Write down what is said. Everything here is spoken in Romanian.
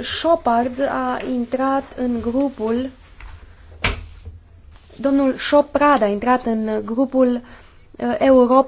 Domnul Chopard a intrat în grupul Domnul Choprad a intrat în grupul uh, Europa